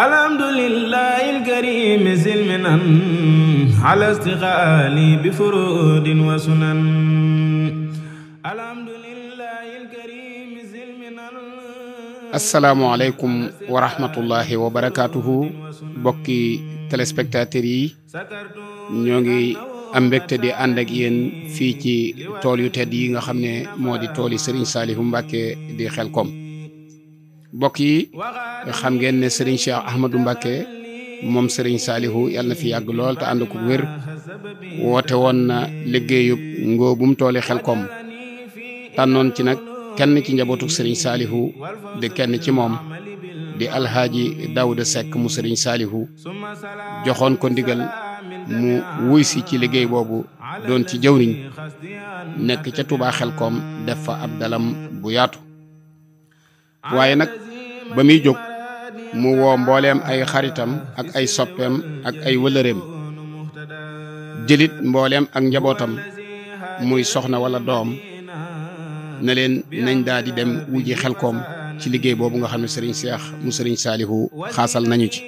alhamdulillahi alkarimi silminan ala istiqaali bi furudin wa sunan alhamdulillahi alkarimi bokki téléspectateurs yi ñoo ngi am mbégte di ànd ak fii ci tool yu tedd yi nga xam ne moo di tool yi Serigne Saliou Mbacké di Xelcom mbokk yi xam ngeen ne sëriñ Cheikh Ahmadou Mbacké moom Serigne Salihu yàlla na fi yàgg lool te ànd ko wér woote woon na liggéeyub ngóobum tooli Xelkom tànnoon ci nag kenn ci njabootu sëriñ Salihu di kenn ci moom di alxaaji Daouda sekk mu sëriñ Salihu joxoon ko ndigal mu wuy si ci liggéey boobu doon ci jëwriñ nekk ca Touba Xelkom def fa ab dalam bu yaatu waaye nag ba muy jóg mu woo mbooleem ay xaritam ak ay soppeem ak ay wëlëreem jëlit mbooleem ak njabootam muy soxna walla doom na leen nañ daa di dem wuji xel koom ci liggéey boobu nga xam ne sëriñ Seex mu sëriñ Saalihu xaasal nañu ci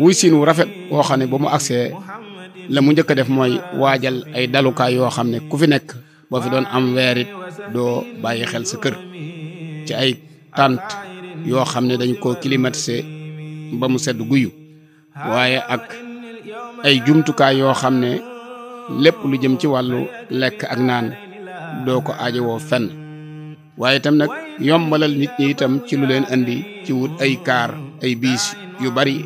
wuy siin wu rafet woo xam ne ba mu agsee la mu njëkk a def mooy waajal ay dalukaay yoo xam ne ku fi nekk boo fi doon am weerit doo bàyyi xel sa kër ci ay tànt yoo xam ne dañ koo climatisé ba mu sedd guyu waaye ak ay jumtukaay yoo xam ne lépp lu jëm ci wàllu lekk ak naan doo ko aajowoo fenn waaye itam nag yombalal nit ñi itam ci lu leen indi ci wut ay kaar ay biis yu bari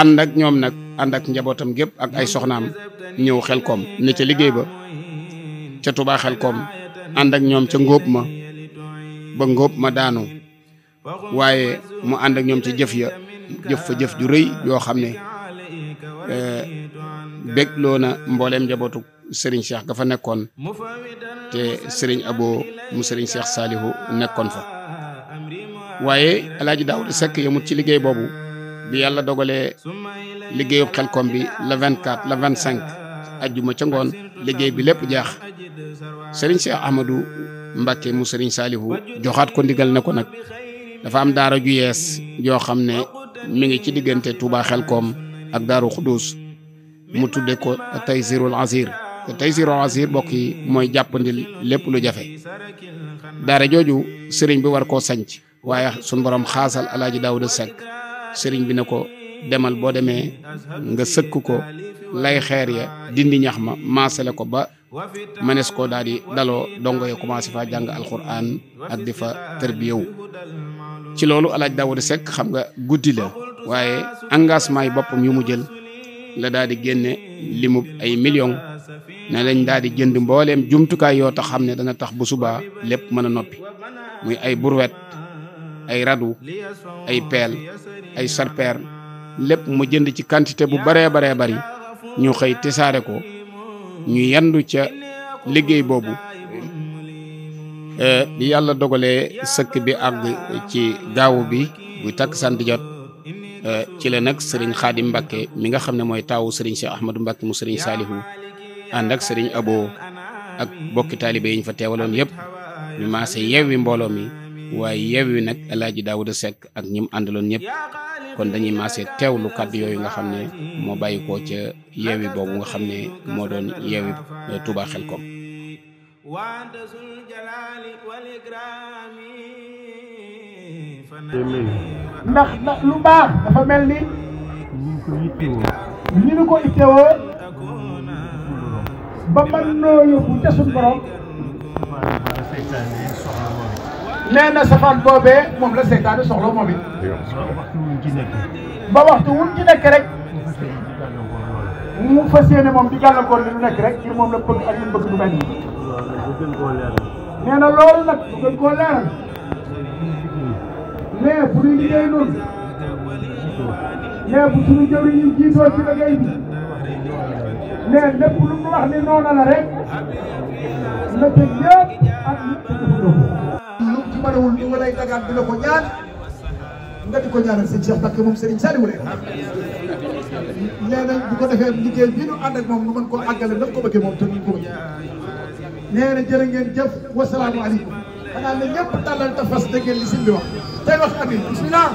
ànd ak ñoom nag ànd ak njabootam gépp ak ay soxnaam ñëw xel koom ne ca liggéey ba ca tubaa koom ànd ak ñoom ca ngóob ma ba ngóob ma daanu waaye mu ànd ak ñoom ci jëf ya jëf fa jëf ju rëy yoo xam ne eh, bégloo na mbooleem njabootu sëriñ Cheikh gafa nekkoon te sëriñ Abo mu sëriñ Cheikh Saalihu nekkoon fa waaye alaaji Daawuda Sekk yamut ci liggéey boobu bi yàlla dogalee liggéeyub xelkom bi la vingt quatre la vint cinq ajjuma ca ngoon liggéey bi lépp jaax sëriñ Cheikh Ahmadou Mbàkke mu sëriñ Saalihu joxaat ko ndigal na ko nag dafa am daara ju yees joo xam ne mu ngi ci diggante xel koom ak Daaru Xudus mu tudde ko Taysirul Asir te Taysirul Asir bokk yi mooy jàppandil lépp lu jafe daara jooju sëriñ bi war koo sanc waaye suñ borom xaasal alaaji Daawuda Sekk sëriñ bi ne ko demal boo demee nga sëkk ko lay xeer ya dindi ñax ma maasale ko ba manees ko daal di daloo dongo yi commencé fa jàng alxuraan ak di fa tërbiyewu ci loolu alaaj di Sekk xam nga guddi la waaye engagement yi boppam yu mu jël la daal di génne limu ay millions ne lañ daal di jënd mbooleem jumtukaay yoo tax xam ne dana tax bu subaa lépp mën a noppi muy ay burwet ay radu ay peel ay sarpeer lépp mu jënd ci quantité bu baree baree bari ñu xëy tisaare ko ñu yendu ca liggéey boobu eh, bi yàlla dogalee sëkk bi àgg ci gaawu bi bu takk sant jot eh, ci la nag sëriñ xaadim Mbàkke mi nga xam ne mooy taawu sëriñ si Ahmadou Mbàkke mu sëriñ Saalihu ànd ak sëriñ Abo ak bokki taalibe yi ñu fa teewaloon yëpp ñu maase yewwi mbooloo mi waaye yewwi nag Alaaji Daawuda Sekk ak ñim àndaloon ñëpp kon dañuy maase teewlu kàddu yooyu nga xam ne moo bàyyi ko ca yeewi boobu nga xam ne moo doon yeewi eh, Touba Xelkom wante zul jalali ndax ndax lu baax dafa mel ni ni ñu ko ittewoo ba mën noo yóbbu ca suñ nee na safaan boobee moom la seytaane soxla moom it. ba waxtu wuñ ci nekk rek. mu fas yéene moom di gàllankoor li lu nekk rek ngir moom la bëgg ak li bëgg du benn. nee na loolu nag bu gën koo leeral. mais bu ñuy liggéey noonu. mais bu suñu jëwriñ yi jiitoo ci liggéey bi. mais lépp lu mu wax la rek. na jël yëpp mënewul ñu ko ñaan ngeen jëf wasalaamu aleykum xanaa ne ñëpp tàllal fas dégg ngeen li wax tey wax amin bismillah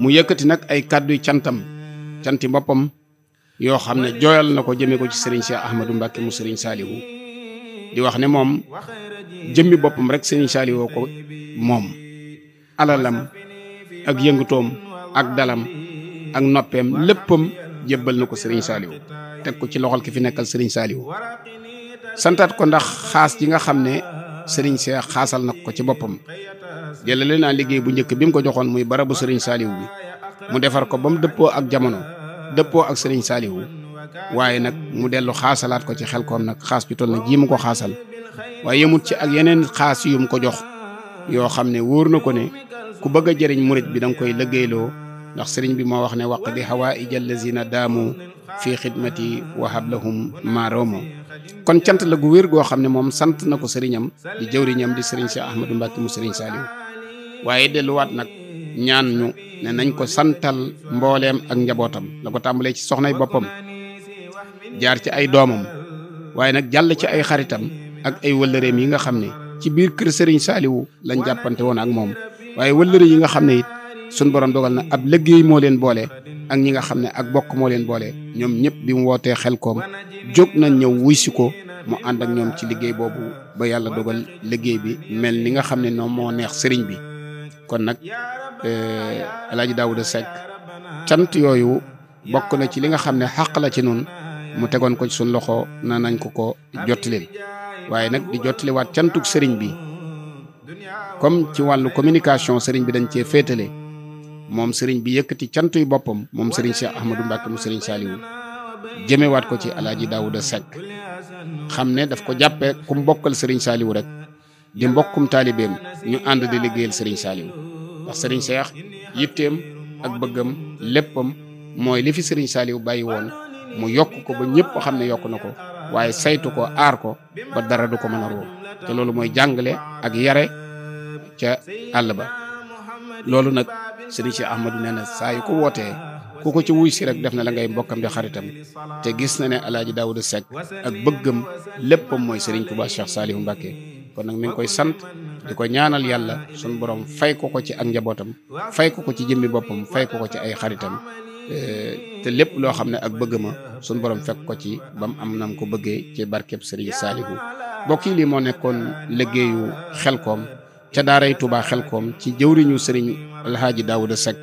mu yëkkati nag ay kàdduy cantam canti boppam yoo xam ne jooyal na ko jëmee ko ci Serigne Cheikh Ahmadou Mbacké mu sëriñ Saliou di wax ne moom jëmmi boppam rek sëriñ saaliwoo ko moom alalam ak yëngutoom ak dalam ak noppeem léppam jébbal na ko sëriñ Saliou teg ko ci loxol ki fi nekkal sëriñ saaliw santaat ko ndax xaas ji nga xam ne sëriñ Seex xaasal na ko ci boppam jëlale naa liggéey bu njëkk bi mu ko joxoon muy barabu sëriñ Saliou bi mu defar ko ba mu dëppoo ak jamono dëppoo ak sëriñ Saliou waaye nag mu dellu xaasalaat ko ci xel koom nag xaas ju toll na jii mu ko xaasal waaye yemut ci ak yeneen xaas yu mu ko jox yoo xam ne wóor na ko ne ku bëgg a jëriñ murit bi da nga koy lëggéeyloo ndax sëriñ bi moo wax ne waq di xawaa na daamu fii xidmati wahab lahum maromo kon cant la gu wér goo xam ne moom sant na ko sëriñam di jëwriñam di sëriñ si ahmadou mbàkke mu sëriñ saaliw waaye delluwaat nag ñaan ñu ne nañ ko santal mbooleem ak njabootam la ko tàmbalee ci soxnay boppam jaar ci ay doomam waaye nag jàll ci ay xaritam ak ay wëllëreem yi nga xam ne ci biir kër Serigne Saliou lañ jàppante woon ak moom waaye wëllëre yi nga xam ne it suñ borom dogal na ab liggéey moo leen boole ak ñi nga xam ne ak bokk moo leen boole ñoom ñëpp bi mu wootee xel koom jóg nañ ñëw wuy si ko mu ànd ak ñoom ci liggéey boobu ba yàlla dogal liggéey bi mel ni nga xam ne noonu moo neex sëriñ bi kon nag El euh, Hadj Daouda Seck cant yooyu bokk na ci li nga xam ne xàq la ci nun mu tegoon ko ci suñ loxo na nañ ko ko jottilil waaye nag di jottiliwaat cantuk sëriñ bi comme ci wàllu communication sëriñ bi dañ cee féetale moom sëriñ bi yëkkati cantuy boppam moom sëriñ Cheikh Ahmadou Mbacke mu sëriñ Saliou jëmewaat ko ci alaaji Daouda Seck xam ne daf ko jàppee ku mbokkal sëriñ Saliou rek di mbokkum taalibeem ñu ànd di liggéeyal sëriñ Saliou ndax sëriñ Cheikh yitteem ak bëggam léppam mooy li fi sëriñ Saliou bàyyi woon mu yokk ko ba ñëpp xam ne yokk na ko waaye saytu ko aar ko ba dara du ko mën a ruur te loolu mooy jàngale ak yare ca àll ba loolu nag sëriñ si Ahmadu nee na saa yu ko wootee ku ko ci wuy si rek def na la ngay mbokkam di xaritam te gis na ne alaaji Daawuda Seck ak bëggam léppam mooy sëriñ Tuubaa Cheikh Saalihu Mbàkke kon nag mi ngi koy sant di ko ñaanal yàlla sunu borom fay ko ko ci ak njabootam fay ko ko ci jëmmi boppam fay ko ko ci ay xaritam Eh, te lépp loo xam ne ak bëgg ma sunu borom fekk ko ci ba mu am nam ko bëggee ci barkeb Serigne Saliou mbokk yi lii moo nekkoon xel xelkoom ca daaray xel koom ci jëwriñu sëriñ Serigne Alhaji Daouda Seck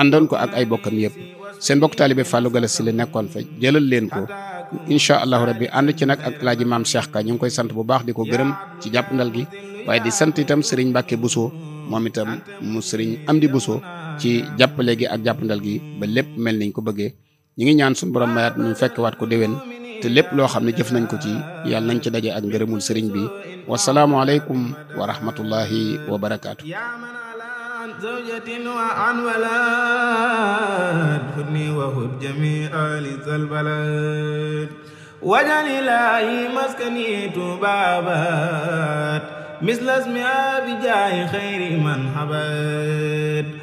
àndoon ko ak ay bokkam yëpp seen bokk taalibe Fallou Gala si la nekkoon fa jëlal leen ko incha allahu rabbi ànd ci nag ak Alhaji maam Cheikh Ka ñu ngi koy sant bu baax di ko gërëm ci jàpp ndal gi waaye di sant itam Serigne Mbacke Bousso moom itam mu Serigne Amdi Bousso ci jàppale gi ak jàppandal gi ba lépp mel niñ ko bëggee ñi ngi ñaan suñu borom mayaat ñu fekk waat ko déwén te lépp loo xam ne jëf nañ ko ci yàlla nañ ci daje ak ngërëmul sëriñ bi wasalaamualeykum wa rahmatullahi wa barakaatu. زوجة وعن ولد خذني وخذ جميع آل البلد واجعل إلهي مسكني تبابات مثل اسمها